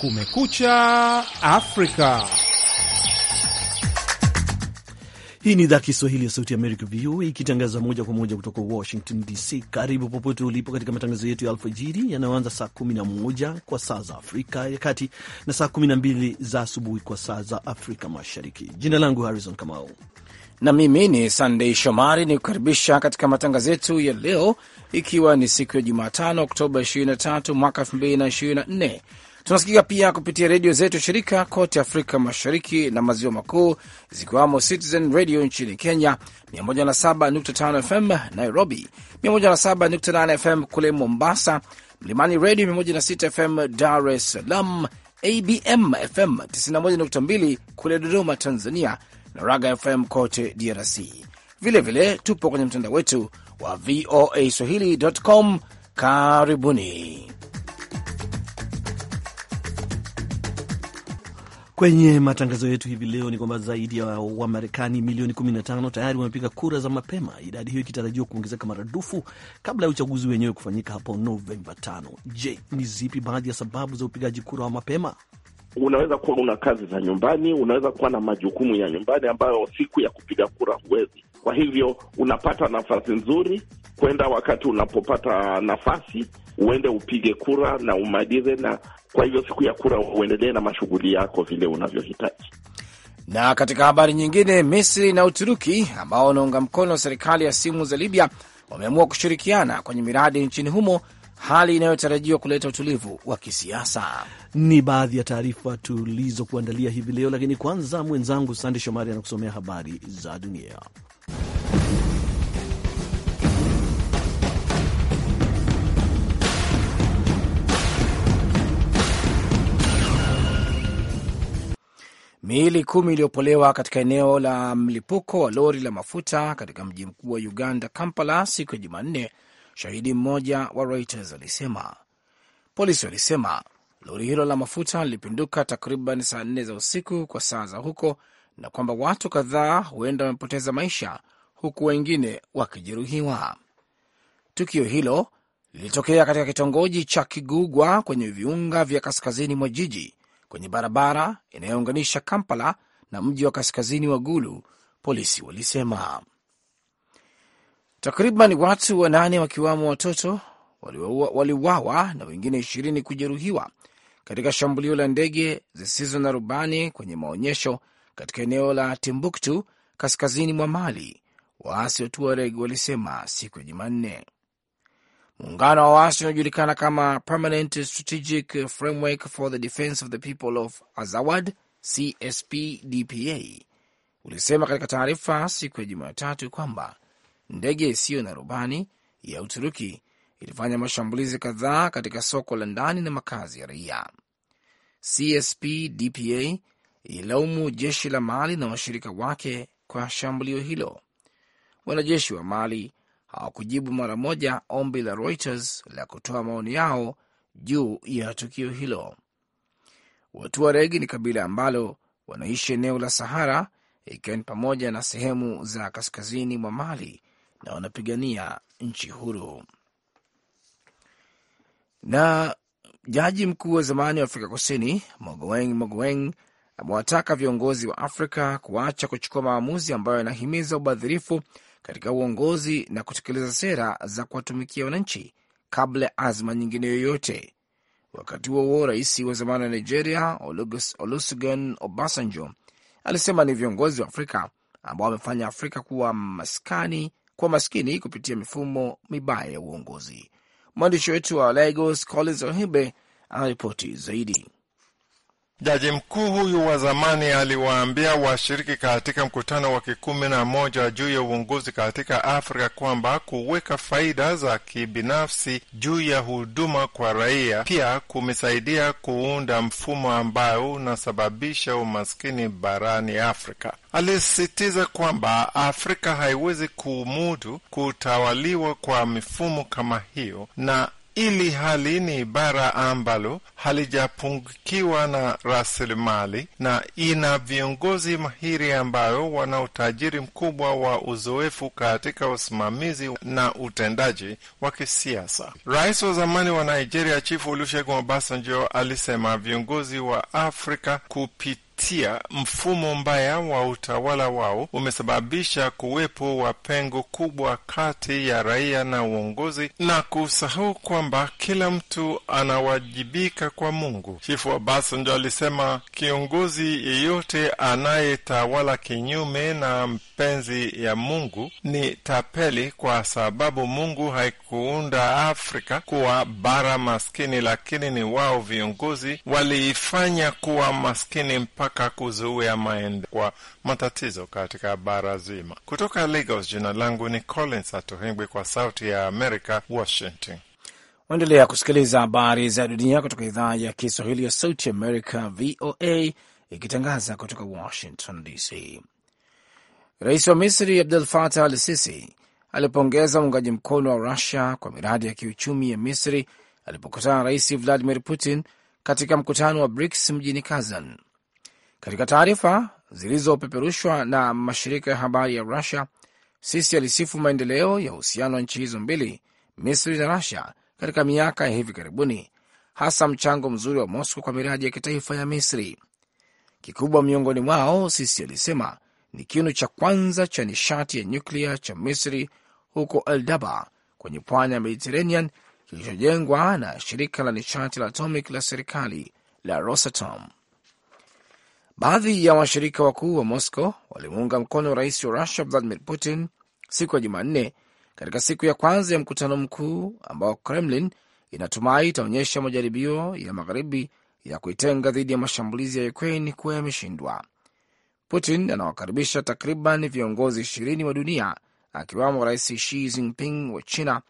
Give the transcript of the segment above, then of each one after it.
Kumekucha Afrika. Hii ni idhaa Kiswahili ya Sauti ya Amerika, VOA, ikitangaza moja kwa moja kutoka Washington DC. Karibu popote ulipo katika matangazo yetu ya alfajiri yanayoanza saa 11 kwa saa za Afrika ya Kati na saa 12 za asubuhi kwa saa za Afrika Mashariki. Jina langu Harrison Kamau na mimi ni Sandei Shomari ni kukaribisha katika matangazo yetu ya leo, ikiwa ni siku ya Jumatano, Oktoba 23 mwaka 2024 Tunasikika pia kupitia redio zetu shirika kote Afrika Mashariki na Maziwa Makuu, zikiwamo Citizen Radio nchini Kenya 107.5 FM Nairobi, 107.8 FM kule Mombasa, Mlimani Redio 106 FM Dar es Salaam, ABM FM 91.2 kule Dodoma Tanzania, na Raga FM kote DRC. Vilevile vile, tupo kwenye mtandao wetu wa VOA swahili.com. Karibuni. Kwenye matangazo yetu hivi leo ni kwamba zaidi ya wa Wamarekani milioni 15 tayari wamepiga kura za mapema, idadi hiyo ikitarajiwa kuongezeka maradufu kabla ya uchaguzi wenyewe kufanyika hapo Novemba 5. Je, ni zipi baadhi ya sababu za upigaji kura wa mapema? Unaweza kuwa una kazi za nyumbani, unaweza kuwa na majukumu ya nyumbani ambayo siku ya kupiga kura huwezi kwa hivyo unapata nafasi nzuri kwenda, wakati unapopata nafasi uende upige kura na umalize, na kwa hivyo siku ya kura uendelee na mashughuli yako vile unavyohitaji. Na katika habari nyingine, Misri na Uturuki ambao wanaunga mkono serikali ya simu za Libya wameamua kushirikiana kwenye miradi nchini humo, hali inayotarajiwa kuleta utulivu wa kisiasa. Ni baadhi ya taarifa tulizokuandalia hivi leo, lakini kwanza mwenzangu Sande Shomari anakusomea habari za dunia. Miili kumi iliyopolewa katika eneo la mlipuko wa lori la mafuta katika mji mkuu wa Uganda, Kampala, siku ya Jumanne, shahidi mmoja wa Reuters alisema. Polisi walisema lori hilo la mafuta lilipinduka takriban saa nne za usiku kwa saa za huko, na kwamba watu kadhaa huenda wamepoteza maisha huku wengine wakijeruhiwa. Tukio hilo lilitokea katika kitongoji cha Kigugwa kwenye viunga vya kaskazini mwa jiji kwenye barabara inayounganisha Kampala na mji wa kaskazini wa Gulu, polisi walisema. Takriban watu wanane wakiwamo watoto waliuawa na wengine ishirini kujeruhiwa katika shambulio la ndege zisizo na rubani kwenye maonyesho katika eneo la Timbuktu kaskazini mwa Mali, waasi wa Tuareg walisema siku ya Jumanne. Muungano wa waasi unaojulikana kama Permanent Strategic Framework for the Defense of the People of Azawad, CSPDPA, ulisema katika taarifa siku ya Jumatatu kwamba ndege isiyo na rubani ya Uturuki ilifanya mashambulizi kadhaa katika soko la ndani na makazi ya raia. CSPDPA ililaumu jeshi la Mali na washirika wake kwa shambulio hilo. Wanajeshi wa Mali hawakujibu mara moja ombi la Reuters la kutoa maoni yao juu ya tukio hilo. regi ni kabila ambalo wanaishi eneo la Sahara, ikiwa ni pamoja na sehemu za kaskazini mwa Mali na wanapigania nchi huru. Na jaji mkuu wa zamani wa Afrika Kusini Mogoeng Mogoeng amewataka viongozi wa Afrika kuacha kuchukua maamuzi ambayo yanahimiza ubadhirifu katika uongozi na kutekeleza sera za kuwatumikia wananchi kabla ya azma nyingine yoyote. Wakati huo huo, rais wa zamani wa Nigeria Olusegun Obasanjo alisema ni viongozi wa Afrika ambao wamefanya Afrika kuwa maskani kwa maskini kupitia mifumo mibaya ya uongozi. Mwandishi wetu wa Lagos Collins Ohibe anaripoti zaidi. Jaji mkuu huyu wa zamani aliwaambia washiriki katika mkutano wa kikumi na moja juu ya uongozi katika Afrika kwamba kuweka faida za kibinafsi juu ya huduma kwa raia pia kumesaidia kuunda mfumo ambao unasababisha umaskini barani Afrika. Alisisitiza kwamba Afrika haiwezi kumudu kutawaliwa kwa mifumo kama hiyo na ili hali ni bara ambalo halijapungukiwa na rasilimali na ina viongozi mahiri ambayo wana utajiri mkubwa wa uzoefu katika usimamizi na utendaji wa kisiasa. Rais wa zamani wa Nigeria Chifu Olusegun Obasanjo alisema viongozi wa Afrika kupita kupitia mfumo mbaya wa utawala wao umesababisha kuwepo wa pengo kubwa kati ya raia na uongozi na kusahau kwamba kila mtu anawajibika kwa Mungu. Chifu Obasanjo alisema kiongozi yeyote anayetawala kinyume na mapenzi ya Mungu ni tapeli, kwa sababu Mungu haikuunda Afrika kuwa bara maskini, lakini ni wao viongozi waliifanya kuwa maskini mpaka kuzuia maendeleo kwa matatizo katika bara zima. Kutoka Lagos, jina langu ni Collins Atohengwi kwa Sauti ya Amerika, Washington. Waendelea kusikiliza habari za dunia kutoka idhaa ya Kiswahili ya Sauti Amerika, VOA, ikitangaza kutoka Washington DC. Rais wa Misri Abdel Fattah al Sisi alipongeza uungaji mkono wa Rusia kwa miradi ya kiuchumi ya Misri alipokutana na Rais Vladimir Putin katika mkutano wa BRICS mjini Kazan. Katika taarifa zilizopeperushwa na mashirika ya habari ya Rusia, Sisi alisifu maendeleo ya uhusiano wa nchi hizo mbili, Misri na Rusia, katika miaka ya hivi karibuni, hasa mchango mzuri wa Moscow kwa miradi ya kitaifa ya Misri. Kikubwa miongoni mwao, Sisi alisema ni kinu cha kwanza cha nishati ya nyuklia cha Misri huko Aldaba kwenye pwani ya Mediterranean kilichojengwa na shirika la nishati la atomic la serikali la Rosatom. Baadhi ya washirika wakuu wa Moscow walimuunga mkono rais wa Russia Vladimir Putin siku ya Jumanne katika siku ya kwanza ya mkutano mkuu ambao Kremlin inatumai itaonyesha majaribio ya magharibi ya kuitenga dhidi ya mashambulizi ya Ukraine kuwa yameshindwa. Putin anawakaribisha takriban viongozi ishirini wa dunia akiwamo Rais Xi Jinping wa China,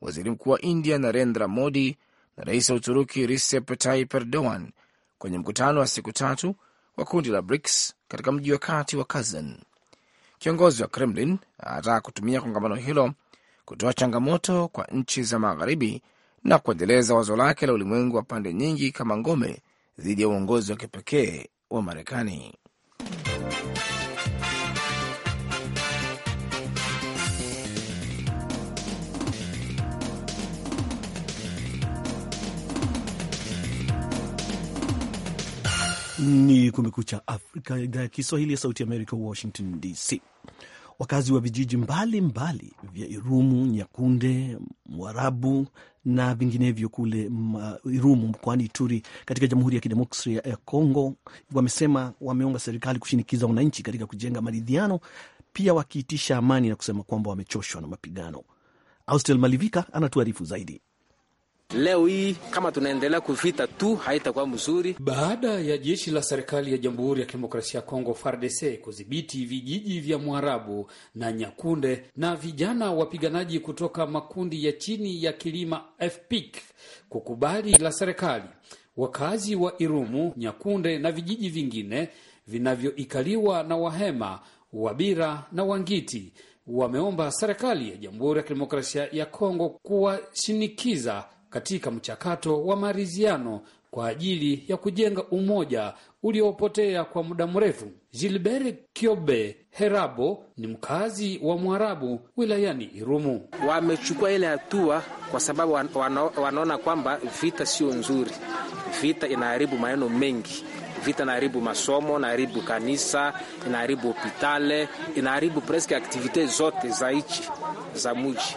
waziri mkuu wa India Narendra Modi na rais wa Uturuki Recep Tayyip Erdogan kwenye mkutano wa siku tatu wa kundi la BRICS katika mji wa kati wa Kazan. Kiongozi wa Kremlin anataka kutumia kongamano hilo kutoa changamoto kwa nchi za magharibi na kuendeleza wazo lake la ulimwengu wa pande nyingi kama ngome dhidi ya uongozi wa kipekee wa Marekani. Ni Kumekucha Afrika, idhaa ya Kiswahili ya Sauti Amerika, Washington DC. Wakazi wa vijiji mbalimbali vya Irumu, Nyakunde, Mwarabu na vinginevyo kule Irumu mkoani Ituri katika Jamhuri ya Kidemokrasia ya Kongo wamesema wameomba serikali kushinikiza wananchi katika kujenga maridhiano, pia wakiitisha amani na kusema kwamba wamechoshwa na mapigano. Austel Malivika anatuarifu zaidi. Leo hii kama tunaendelea kuvita tu haitakuwa mzuri. Baada ya jeshi la serikali ya Jamhuri ya Kidemokrasia ya Kongo FARDC kudhibiti vijiji vya Mwarabu na Nyakunde na vijana wapiganaji kutoka makundi ya chini ya kilima FPIC kukubali la serikali, wakazi wa Irumu, Nyakunde na vijiji vingine vinavyoikaliwa na Wahema, Wabira na Wangiti wameomba serikali ya Jamhuri ya Kidemokrasia ya Kongo kuwashinikiza katika mchakato wa maridhiano kwa ajili ya kujenga umoja uliopotea kwa muda mrefu. Gilbert Kiobe Herabo ni mkazi wa Mwarabu wilayani Irumu. Wamechukua ile hatua kwa sababu wanaona kwamba vita sio nzuri, vita inaharibu maneno mengi vita inaharibu masomo, inaharibu kanisa, inaharibu hopitale, inaharibu preske aktivite zote za nchi za muji.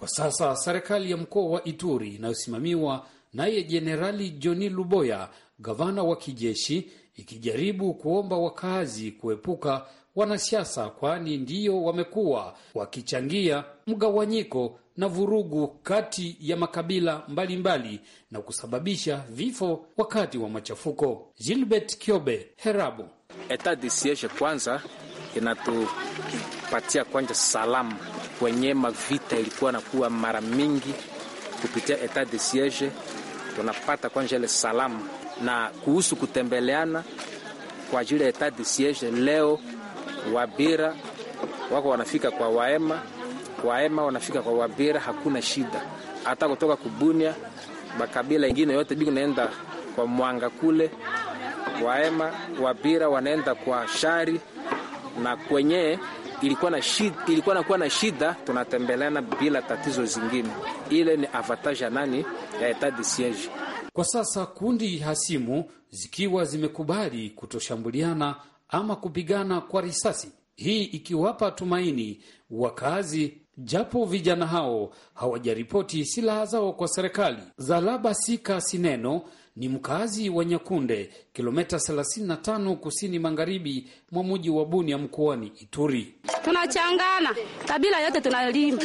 Kwa sasa serikali ya mkoa wa Ituri inayosimamiwa naye Jenerali Johni Luboya, gavana wa kijeshi, ikijaribu kuomba wakazi kuepuka wanasiasa, kwani ndiyo wamekuwa wakichangia mgawanyiko na vurugu kati ya makabila mbalimbali mbali, na kusababisha vifo wakati wa machafuko. Gilbert Kiobe, Herabu Etat de siege kwanza inatupatia kwanja salamu kwenye mavita ilikuwa nakuwa mara mingi kupitia etat de siege, tunapata kwanja ile salamu na kuhusu kutembeleana kwa ajili ya etat de siege. Leo Wabira wako wanafika kwa Waema, Waema wanafika kwa Wabira, hakuna shida. Hata kutoka Kubunia makabila ingine yote biko naenda kwa Mwanga kule, Waema Wabira wanaenda kwa Shari na kwenye ilikuwa na shida, ilikuwa nakuwa na shida, tunatembeleana bila tatizo zingine. Ile ni avantage ya nani ya etat de siege. Kwa sasa kundi hasimu zikiwa zimekubali kutoshambuliana ama kupigana kwa risasi, hii ikiwapa tumaini wakazi japo vijana hao hawajaripoti silaha zao kwa serikali. Zalaba Sika Sineno ni mkazi wa Nyakunde, kilomita 35 kusini magharibi mwa muji wa Bunia mkoani Ituri. Tunachangana kabila yote, tunalima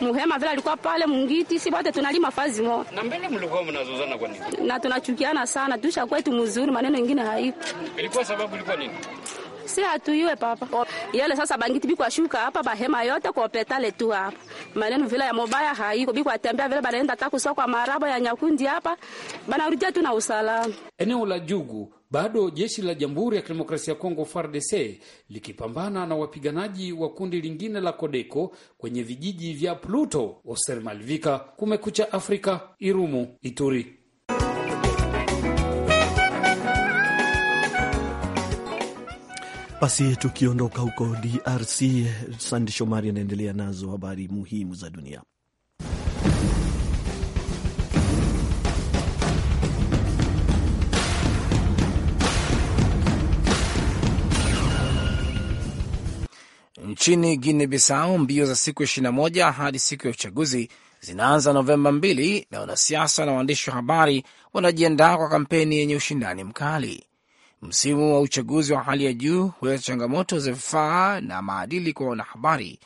Muhema vile alikuwa pale Mungiti, si wote tunalima fazi moja. Na mbele mlikuwa mnazozana kwa nini? Na tunachukiana sana, tusha kwetu mzuri, maneno mengine haiko Ilikuwa sababu ilikuwa nini? si hatuyue papa yele sasa bangiti biko ashuka hapa bahema yote kwa opetale tu hapa maneno vile ya mobaya haiko biko atembea vile banaenda takusoa kwa marabo ya nyakundi hapa banarudia tu na usalama. Eneo la Jugu bado jeshi la Jamhuri ya Kidemokrasia ya Kongo FARDC likipambana na wapiganaji wa kundi lingine la Kodeko kwenye vijiji vya Pluto. Oser Malvika, Kumekucha Afrika, Irumu, Ituri. Basi tukiondoka huko DRC, Sandi Shomari anaendelea nazo habari muhimu za dunia. Nchini Guinea Bissau, mbio za siku 21 hadi siku ya uchaguzi zinaanza Novemba 2 na wanasiasa na waandishi wa habari wanajiandaa kwa kampeni yenye ushindani mkali. Msimu wa uchaguzi wa hali ya juu huleta changamoto za vifaa na maadili kwa wanahabari.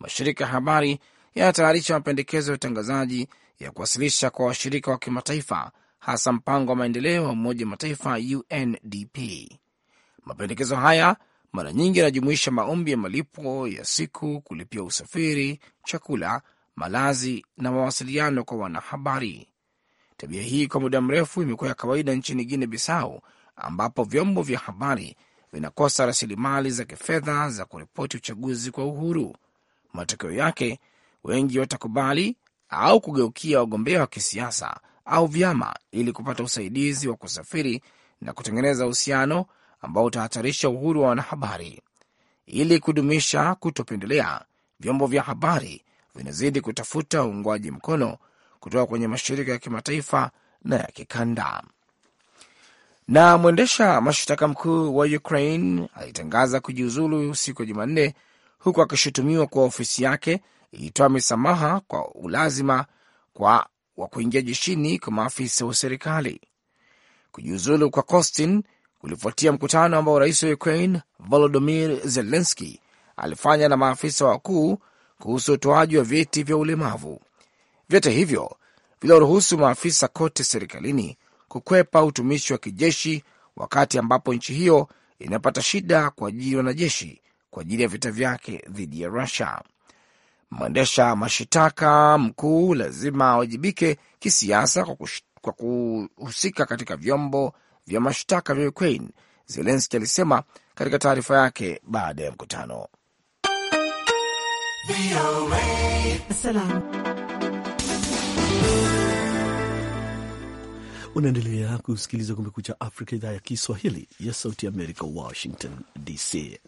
Mashirika ya habari yanatayarisha mapendekezo ya utangazaji ya kuwasilisha kwa washirika wa kimataifa, hasa mpango wa maendeleo wa Umoja wa Mataifa, UNDP. Mapendekezo haya mara nyingi yanajumuisha maombi ya malipo ya siku, kulipia usafiri, chakula, malazi na mawasiliano kwa wanahabari. Tabia hii kwa muda mrefu imekuwa ya kawaida nchini Guinea Bissau ambapo vyombo vya habari vinakosa rasilimali za kifedha za kuripoti uchaguzi kwa uhuru. Matokeo yake wengi watakubali au kugeukia wagombea wa kisiasa au vyama ili kupata usaidizi wa kusafiri na kutengeneza uhusiano ambao utahatarisha uhuru wa wanahabari. Ili kudumisha kutopendelea, vyombo vya habari vinazidi kutafuta uungwaji mkono kutoka kwenye mashirika ya kimataifa na ya kikanda. Na mwendesha mashtaka mkuu wa Ukraine alitangaza kujiuzulu siku ya Jumanne, huku akishutumiwa kwa ofisi yake ilitoa misamaha kwa ulazima kwa wa kuingia jeshini kwa maafisa wa serikali. Kujiuzulu kwa Costin kulifuatia mkutano ambao rais wa Ukraine volodimir zelenski alifanya na maafisa wakuu kuhusu utoaji wa vyeti vya ulemavu. Vyote hivyo viliwaruhusu maafisa kote serikalini kukwepa utumishi wa kijeshi wakati ambapo nchi hiyo inapata shida kwa ya wanajeshi kwa ajili ya vita vyake dhidi ya Rusia. Mwendesha mashitaka mkuu lazima awajibike kisiasa kwa, kuhusika katika vyombo vya mashtaka vya Ukraine, Zelenski alisema katika taarifa yake baada ya mkutano. Unaendelea kusikiliza Kumekucha Afrika, idhaa ya Kiswahili ya Sauti Amerika, Washington DC.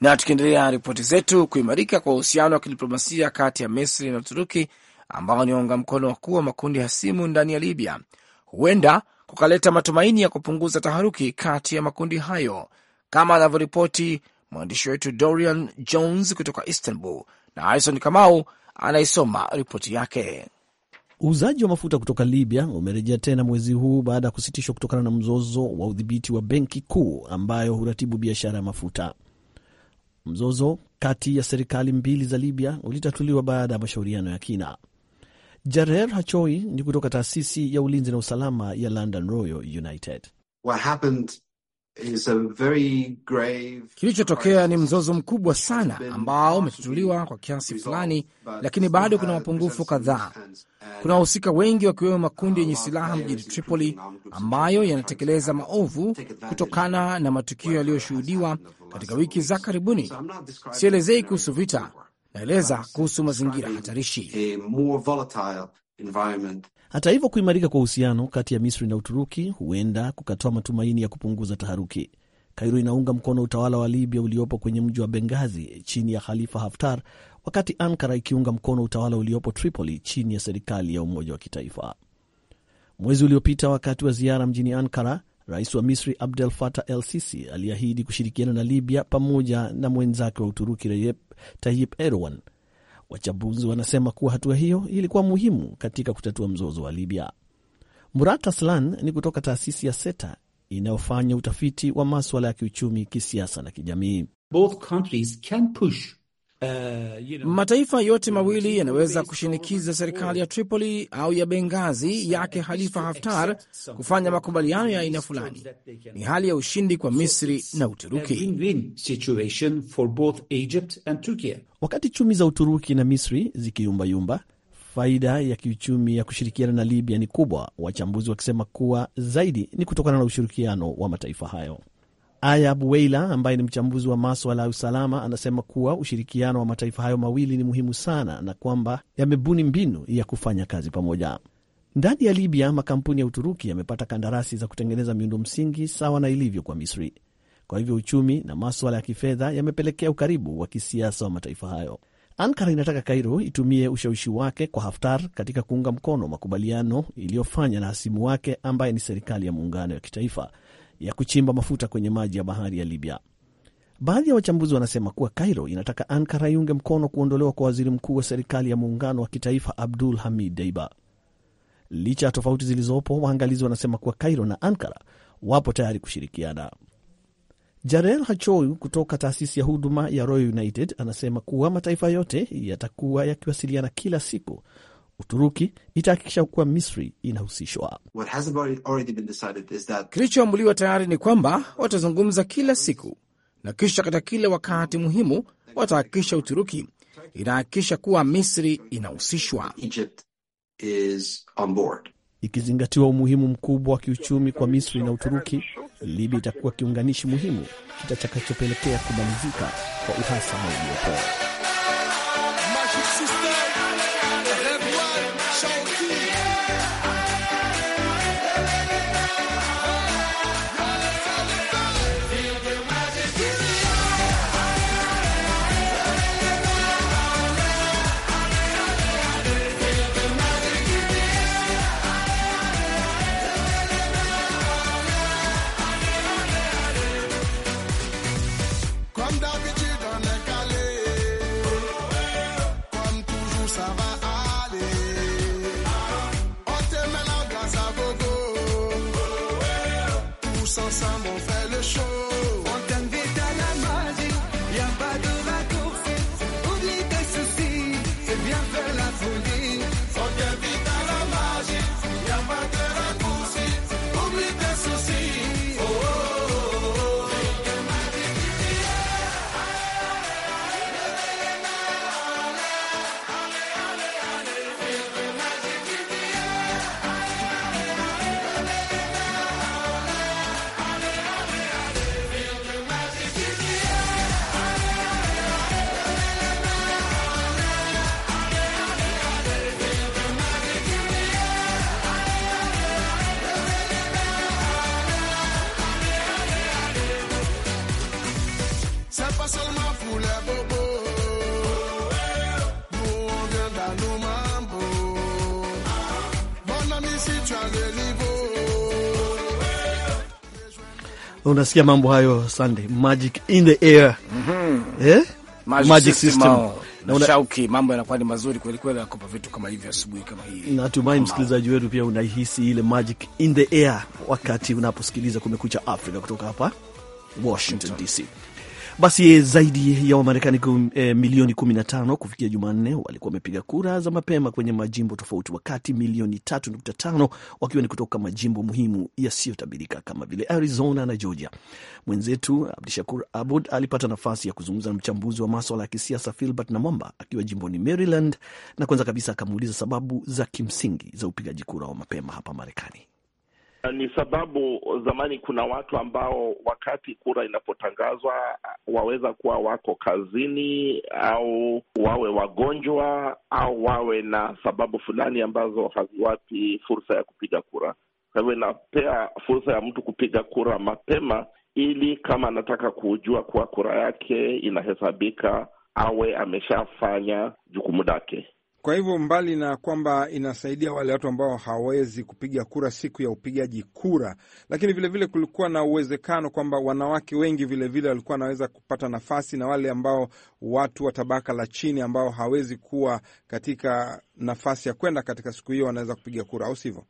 Na tukiendelea ripoti zetu, kuimarika kwa uhusiano wa kidiplomasia kati ya Misri na Uturuki ambao ni waunga mkono wakuu wa makundi hasimu ndani ya Libya huenda kukaleta matumaini ya kupunguza taharuki kati ya makundi hayo, kama anavyoripoti mwandishi wetu Dorian Jones kutoka Istanbul, na Harison Kamau anaisoma ripoti yake. Uuzaji wa mafuta kutoka Libya umerejea tena mwezi huu baada ya kusitishwa kutokana na mzozo wa udhibiti wa benki kuu ambayo huratibu biashara ya mafuta. Mzozo kati ya serikali mbili za Libya ulitatuliwa baada ya mashauriano ya kina. Jarer Hachoi ni kutoka taasisi ya ulinzi na usalama ya London Royal United. What happened Kilichotokea ni mzozo mkubwa sana ambao umetatuliwa kwa kiasi fulani, lakini bado kuna mapungufu kadhaa. Kuna wahusika wengi wakiwemo makundi yenye silaha mjini Tripoli ambayo yanatekeleza maovu kutokana na matukio yaliyoshuhudiwa katika wiki za karibuni. Sielezei kuhusu vita, naeleza kuhusu mazingira hatarishi. Hata hivyo, kuimarika kwa uhusiano kati ya Misri na Uturuki huenda kukatoa matumaini ya kupunguza taharuki. Kairo inaunga mkono utawala wa Libya uliopo kwenye mji wa bengazi chini ya Khalifa Haftar, wakati Ankara ikiunga mkono utawala uliopo Tripoli chini ya serikali ya umoja wa kitaifa. Mwezi uliopita, wakati wa ziara mjini Ankara, rais wa Misri Abdel Fattah El Sisi aliahidi kushirikiana na Libya pamoja na mwenzake wa Uturuki Recep Tayyip Erdogan Wachambuzi wanasema kuwa hatua hiyo ilikuwa muhimu katika kutatua mzozo wa Libya. Murat Aslan ni kutoka taasisi ya SETA inayofanya utafiti wa maswala ya kiuchumi, kisiasa na kijamii. Both countries can push Uh, mataifa yote mawili yanaweza kushinikiza serikali ya Tripoli au ya bengazi yake Khalifa Haftar kufanya makubaliano ya aina fulani. Ni hali ya ushindi kwa Misri na Uturuki. Wakati chumi za Uturuki na Misri zikiyumbayumba, faida ya kiuchumi ya kushirikiana na Libya ni kubwa, wachambuzi wakisema kuwa zaidi ni kutokana na ushirikiano wa mataifa hayo. Aya Weila ambaye ni mchambuzi wa maswala ya usalama anasema kuwa ushirikiano wa mataifa hayo mawili ni muhimu sana na kwamba yamebuni mbinu ya kufanya kazi pamoja. Ndani ya Libya, makampuni ya Uturuki yamepata kandarasi za kutengeneza miundo msingi sawa na ilivyo kwa Misri. Kwa hivyo uchumi na maswala ya kifedha yamepelekea ukaribu wa kisiasa wa mataifa hayo. Ankara inataka Kairo itumie ushawishi wake kwa Haftar katika kuunga mkono makubaliano iliyofanya na hasimu wake ambaye ni serikali ya muungano ya kitaifa ya kuchimba mafuta kwenye maji ya bahari ya Libya. Baadhi ya wachambuzi wanasema kuwa Cairo inataka Ankara iunge mkono kuondolewa kwa waziri mkuu wa serikali ya muungano wa kitaifa Abdul Hamid Deiba. Licha ya tofauti zilizopo, waangalizi wanasema kuwa Cairo na Ankara wapo tayari kushirikiana. Jarel hachou kutoka taasisi ya huduma ya Royal United anasema kuwa mataifa yote yatakuwa yakiwasiliana kila siku Uturuki itahakikisha kuwa Misri inahusishwa. Kilichoamuliwa tayari ni kwamba watazungumza kila siku na kisha katika kila wakati muhimu watahakikisha Uturuki inahakikisha kuwa Misri inahusishwa, ikizingatiwa umuhimu mkubwa wa kiuchumi kwa Misri na Uturuki. Libya itakuwa kiunganishi muhimu kitachakachopelekea kumalizika kwa uhasama uliopoa. Unasikia mambo hayo Sunday, magic in the air mm -hmm. eh? Magic, system, Na shauki mambo yanakuwa ni mazuri kweli kweli, nakopa vitu kama hivi asubuhi kama hii. Natumai msikilizaji wetu pia unahisi ile magic in the air wakati unaposikiliza Kumekucha Afrika kutoka hapa Washington DC. Basi eh, zaidi ya Wamarekani e, milioni 15 kufikia Jumanne walikuwa wamepiga kura za mapema kwenye majimbo tofauti, wakati milioni 3.5 wakiwa ni kutoka majimbo muhimu yasiyotabirika kama vile Arizona na Georgia. Mwenzetu Abdishakur Abud alipata nafasi ya kuzungumza na mchambuzi wa maswala ya kisiasa Filbert Namwamba akiwa jimboni Maryland, na kwanza kabisa akamuuliza sababu za kimsingi za upigaji kura wa mapema hapa Marekani. Eh, ni sababu zamani kuna watu ambao wakati kura inapotangazwa waweza kuwa wako kazini au wawe wagonjwa au wawe na sababu fulani ambazo haziwapi fursa ya kupiga kura. Kwa hivyo inapea fursa ya mtu kupiga kura mapema, ili kama anataka kujua kuwa kura yake inahesabika awe ameshafanya jukumu lake. Kwa hivyo mbali na kwamba inasaidia wale watu ambao hawawezi kupiga kura siku ya upigaji kura, lakini vilevile vile kulikuwa na uwezekano kwamba wanawake wengi vilevile walikuwa vile wanaweza kupata nafasi, na wale ambao watu wa tabaka la chini ambao hawezi kuwa katika nafasi ya kwenda katika siku hiyo wanaweza kupiga kura, au sivyo?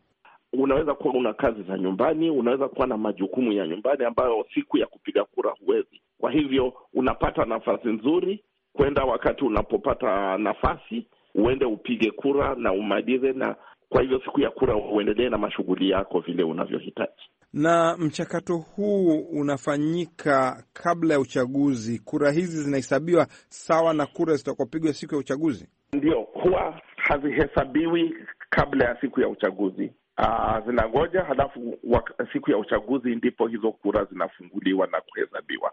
Unaweza kuwa una kazi za nyumbani, unaweza kuwa na majukumu ya nyumbani ambayo siku ya kupiga kura huwezi. Kwa hivyo unapata nafasi nzuri kwenda wakati unapopata nafasi uende upige kura na umalize, na kwa hivyo siku ya kura uendelee na mashughuli yako vile unavyohitaji. Na mchakato huu unafanyika kabla ya uchaguzi. Kura hizi zinahesabiwa sawa na kura zitakopigwa siku ya uchaguzi? Ndio, huwa hazihesabiwi kabla ya siku ya uchaguzi. Aa, ah, zinangoja halafu siku ya uchaguzi ndipo hizo kura zinafunguliwa na kuhesabiwa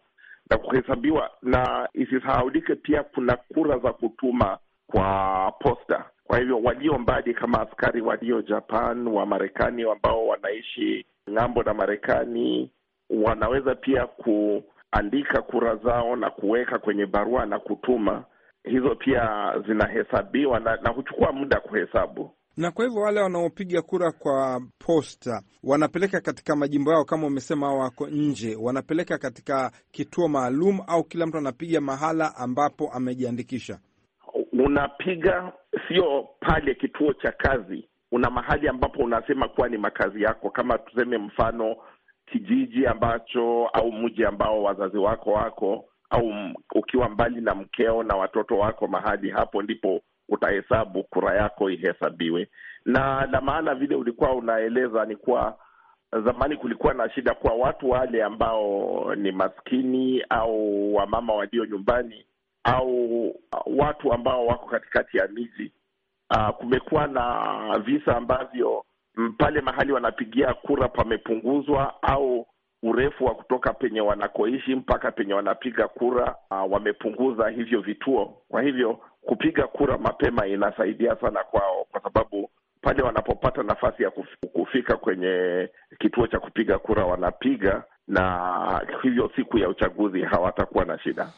na kuhesabiwa. Na isisahaulike pia kuna kura za kutuma kwa posta. Kwa hivyo walio mbali kama askari walio Japan wa Marekani ambao wanaishi ng'ambo na Marekani wanaweza pia kuandika kura zao na kuweka kwenye barua na kutuma. Hizo pia zinahesabiwa na, na huchukua muda kuhesabu na kwa hivyo wale wanaopiga kura kwa posta wanapeleka katika majimbo yao, kama umesema, wako nje, wanapeleka katika kituo maalum, au kila mtu anapiga mahala ambapo amejiandikisha? unapiga sio pale kituo cha kazi, una mahali ambapo unasema kuwa ni makazi yako, kama tuseme mfano kijiji ambacho au mji ambao wazazi wako wako, au ukiwa mbali na mkeo na watoto wako, mahali hapo ndipo utahesabu kura yako ihesabiwe. Na la maana vile ulikuwa unaeleza ni kuwa zamani kulikuwa na shida kwa watu wale ambao ni maskini au wamama walio nyumbani au uh, watu ambao wako katikati ya miji. Uh, kumekuwa na visa ambavyo pale mahali wanapigia kura pamepunguzwa au urefu wa kutoka penye wanakoishi mpaka penye wanapiga kura uh, wamepunguza hivyo vituo. Kwa hivyo kupiga kura mapema inasaidia sana kwao, kwa sababu pale wanapopata nafasi ya kufika kwenye kituo cha kupiga kura wanapiga, na hivyo siku ya uchaguzi hawatakuwa na shida.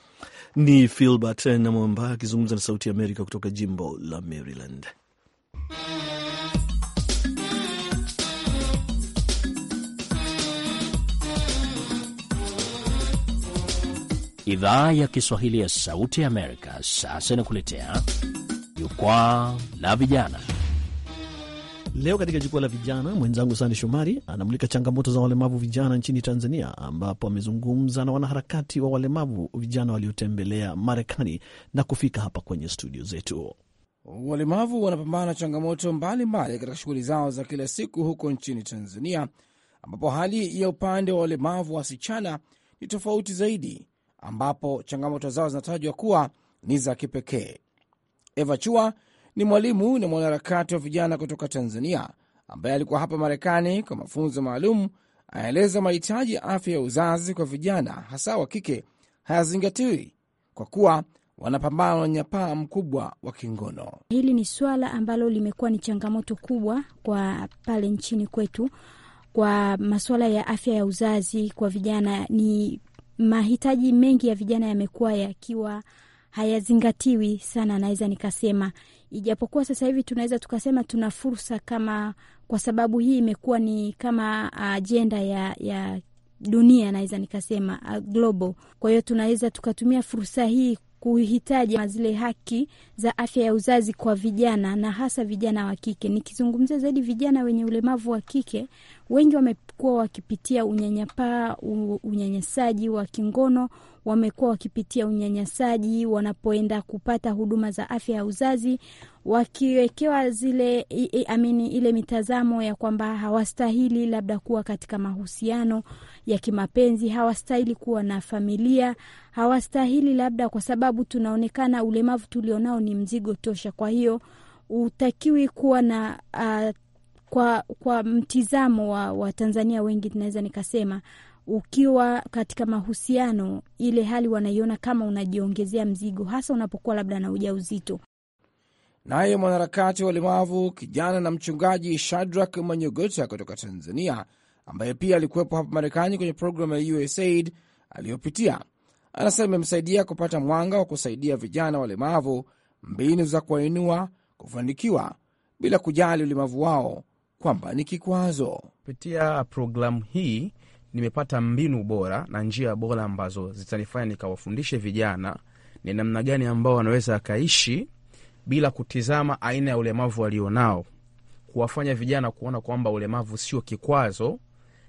Ni Filbert Namwamba akizungumza na Sauti ya Amerika kutoka jimbo la Maryland. Idhaa ya Kiswahili ya Sauti ya Amerika sasa inakuletea Jukwaa la Vijana. Leo katika jukwaa la vijana, mwenzangu Sande Shomari anamulika changamoto za walemavu vijana nchini Tanzania, ambapo amezungumza na wanaharakati wa walemavu vijana waliotembelea Marekani na kufika hapa kwenye studio zetu. Walemavu wanapambana na changamoto mbalimbali katika shughuli zao za kila siku huko nchini Tanzania, ambapo hali ya upande wa walemavu wasichana ni tofauti zaidi, ambapo changamoto zao zinatajwa kuwa ni za kipekee. Eva Chua ni mwalimu na mwanaharakati wa vijana kutoka Tanzania ambaye alikuwa hapa Marekani kwa mafunzo maalum. Anaeleza mahitaji ya afya ya uzazi kwa vijana, hasa wa kike, hayazingatiwi kwa kuwa wanapambana na nyapaa mkubwa wa kingono. Hili ni swala ambalo limekuwa ni changamoto kubwa kwa pale nchini kwetu, kwa masuala ya afya ya uzazi kwa vijana. Ni mahitaji mengi ya vijana yamekuwa yakiwa hayazingatiwi sana, naweza nikasema, ijapokuwa sasa hivi tunaweza tukasema tuna fursa kama, kwa sababu hii imekuwa ni kama ah, ajenda ya, ya dunia naweza nikasema ah, global. Kwa hiyo tunaweza tukatumia fursa hii kuhitaji zile haki za afya ya uzazi kwa vijana na hasa vijana wa kike. Nikizungumzia zaidi vijana wenye ulemavu wa kike, wengi wamekuwa wakipitia unyanyapaa, unyanyasaji wa kingono wamekuwa wakipitia unyanyasaji wanapoenda kupata huduma za afya ya uzazi, wakiwekewa zile amini, ile mitazamo ya kwamba hawastahili labda kuwa katika mahusiano ya kimapenzi, hawastahili kuwa na familia, hawastahili labda, kwa sababu tunaonekana ulemavu tulionao ni mzigo tosha, kwa hiyo utakiwi kuwa na uh, kwa, kwa mtizamo wa Watanzania wengi tunaweza nikasema ukiwa katika mahusiano, ile hali wanaiona kama unajiongezea mzigo, hasa unapokuwa labda na ujauzito. Naye mwanaharakati wa ulemavu kijana na mchungaji Shadrack Manyogota kutoka Tanzania, ambaye pia alikuwepo hapa Marekani kwenye programu ya USAID aliyopitia, anasema imemsaidia kupata mwanga wa kusaidia vijana walemavu, mbinu za kuwainua kufanikiwa bila kujali ulemavu wao kwamba ni kikwazo. Kupitia programu hii nimepata mbinu bora na njia bora ambazo zitanifanya nikawafundishe vijana ni namna gani ambao wanaweza wakaishi bila kutizama aina ya ulemavu walionao, kuwafanya vijana kuona kwamba ulemavu sio kikwazo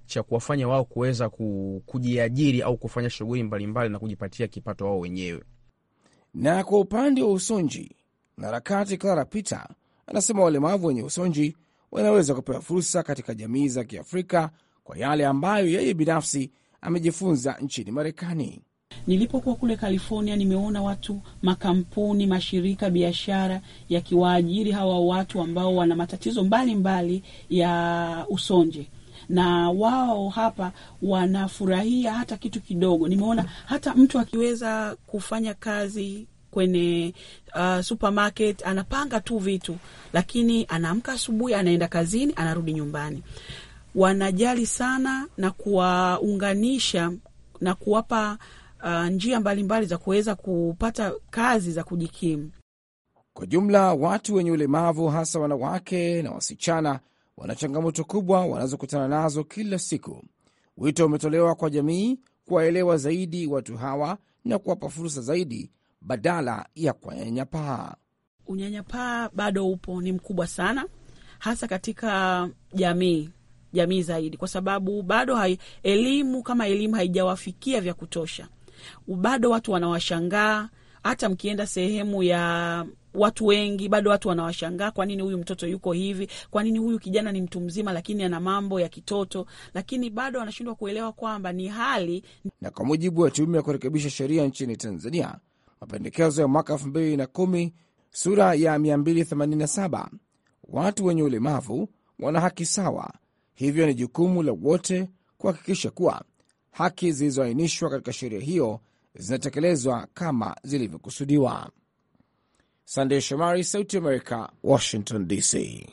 cha kuwafanya wao kuweza kujiajiri au kufanya shughuli mbalimbali na kujipatia kipato wao wenyewe. Na kwa upande wa usonji, mwanaharakati Clara Peter anasema walemavu wenye usonji wanaweza kupewa fursa katika jamii za Kiafrika kwa yale ambayo yeye binafsi amejifunza nchini Marekani. Nilipokuwa kule California, nimeona watu, makampuni, mashirika, biashara yakiwaajiri hawa watu ambao wana matatizo mbalimbali mbali ya usonje na wao hapa wanafurahia hata kitu kidogo. Nimeona hata mtu akiweza kufanya kazi kwenye uh, supermarket anapanga tu vitu, lakini anaamka asubuhi, anaenda kazini, anarudi nyumbani wanajali sana na kuwaunganisha na kuwapa uh, njia mbalimbali za kuweza kupata kazi za kujikimu. Kwa jumla, watu wenye ulemavu hasa wanawake na wasichana wana changamoto kubwa wanazokutana nazo kila siku. Wito umetolewa kwa jamii kuwaelewa zaidi watu hawa na kuwapa fursa zaidi badala ya kuwanyanyapaa. Unyanyapaa bado upo, ni mkubwa sana, hasa katika jamii jamii zaidi, kwa sababu bado hai, elimu kama elimu haijawafikia vya kutosha, bado watu wanawashangaa. Hata mkienda sehemu ya watu wengi bado watu wanawashangaa, kwa nini huyu mtoto yuko hivi? Kwa nini huyu kijana ni mtu mzima, lakini ana mambo ya kitoto, lakini bado anashindwa kuelewa kwamba ni hali. Na kwa mujibu wa tume ya kurekebisha sheria nchini Tanzania, mapendekezo ya mwaka 2010 sura ya 287, watu wenye ulemavu wana haki sawa Hivyo ni jukumu la wote kuhakikisha kuwa haki zilizoainishwa katika sheria hiyo zinatekelezwa kama zilivyokusudiwa. Sandey Shomari, Sauti Amerika, Washington DC.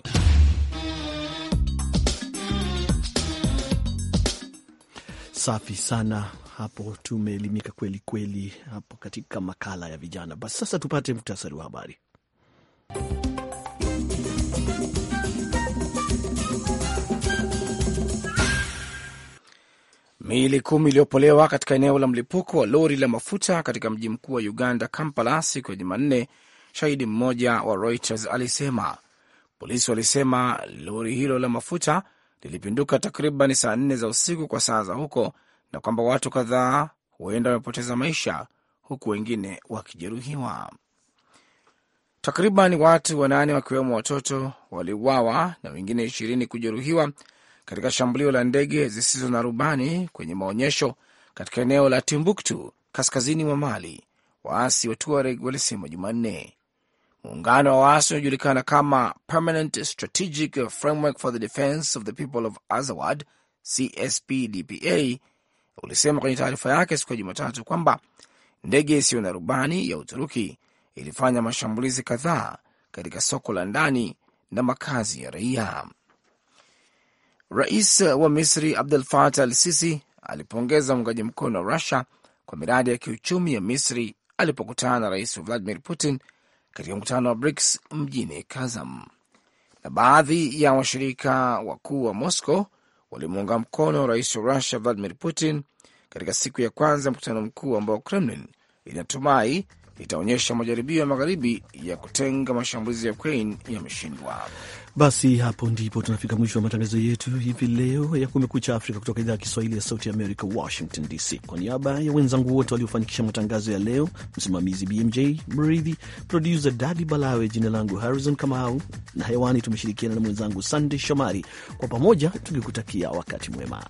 Safi sana hapo, tumeelimika kweli kweli hapo katika makala ya vijana. Basi sasa tupate muhtasari wa habari. Miili kumi iliyopolewa katika eneo la mlipuko wa lori la mafuta katika mji mkuu wa Uganda, Kampala, siku ya Jumanne, shahidi mmoja wa Reuters alisema. Polisi walisema lori hilo la mafuta lilipinduka takriban saa nne za usiku kwa saa za huko, na kwamba watu kadhaa huenda wamepoteza maisha huku wengine wakijeruhiwa. Takriban watu wanane wakiwemo watoto waliuawa na wengine ishirini kujeruhiwa katika shambulio la ndege zisizo na rubani kwenye maonyesho katika eneo la Timbuktu kaskazini mwa Mali, waasi wa Tuareg walisema Jumanne. Muungano wa waasi unaojulikana kama Permanent Strategic Framework for the Defense of the People of Azawad, CSPDPA, ulisema kwenye taarifa yake siku ya Jumatatu kwamba ndege isiyo na rubani ya Uturuki ilifanya mashambulizi kadhaa katika soko la ndani na makazi ya raia. Rais wa Misri Abdel Fattah al Sisi alipongeza uungaji mkono wa Rusia kwa miradi ya kiuchumi ya Misri alipokutana na Rais Vladimir Putin katika mkutano wa BRICS mjini kazam Na baadhi ya washirika wakuu wa Moscow walimuunga mkono rais wa Rusia Vladimir Putin katika siku ya kwanza mkutano mkuu ambao Kremlin inatumai itaonyesha majaribio ya magharibi ya kutenga mashambulizi ya Ukraine yameshindwa. Basi hapo ndipo tunafika mwisho wa matangazo yetu hivi leo ya Kumekucha Afrika kutoka idhaa ya Kiswahili ya Sauti Amerika, Washington DC. Kwa niaba ya wenzangu wote waliofanikisha matangazo ya leo, msimamizi BMJ Mridhi, produsa Dadi Balawe, jina langu Harrison Kamau na hewani tumeshirikiana na mwenzangu Sandey Shomari, kwa pamoja tukikutakia wakati mwema.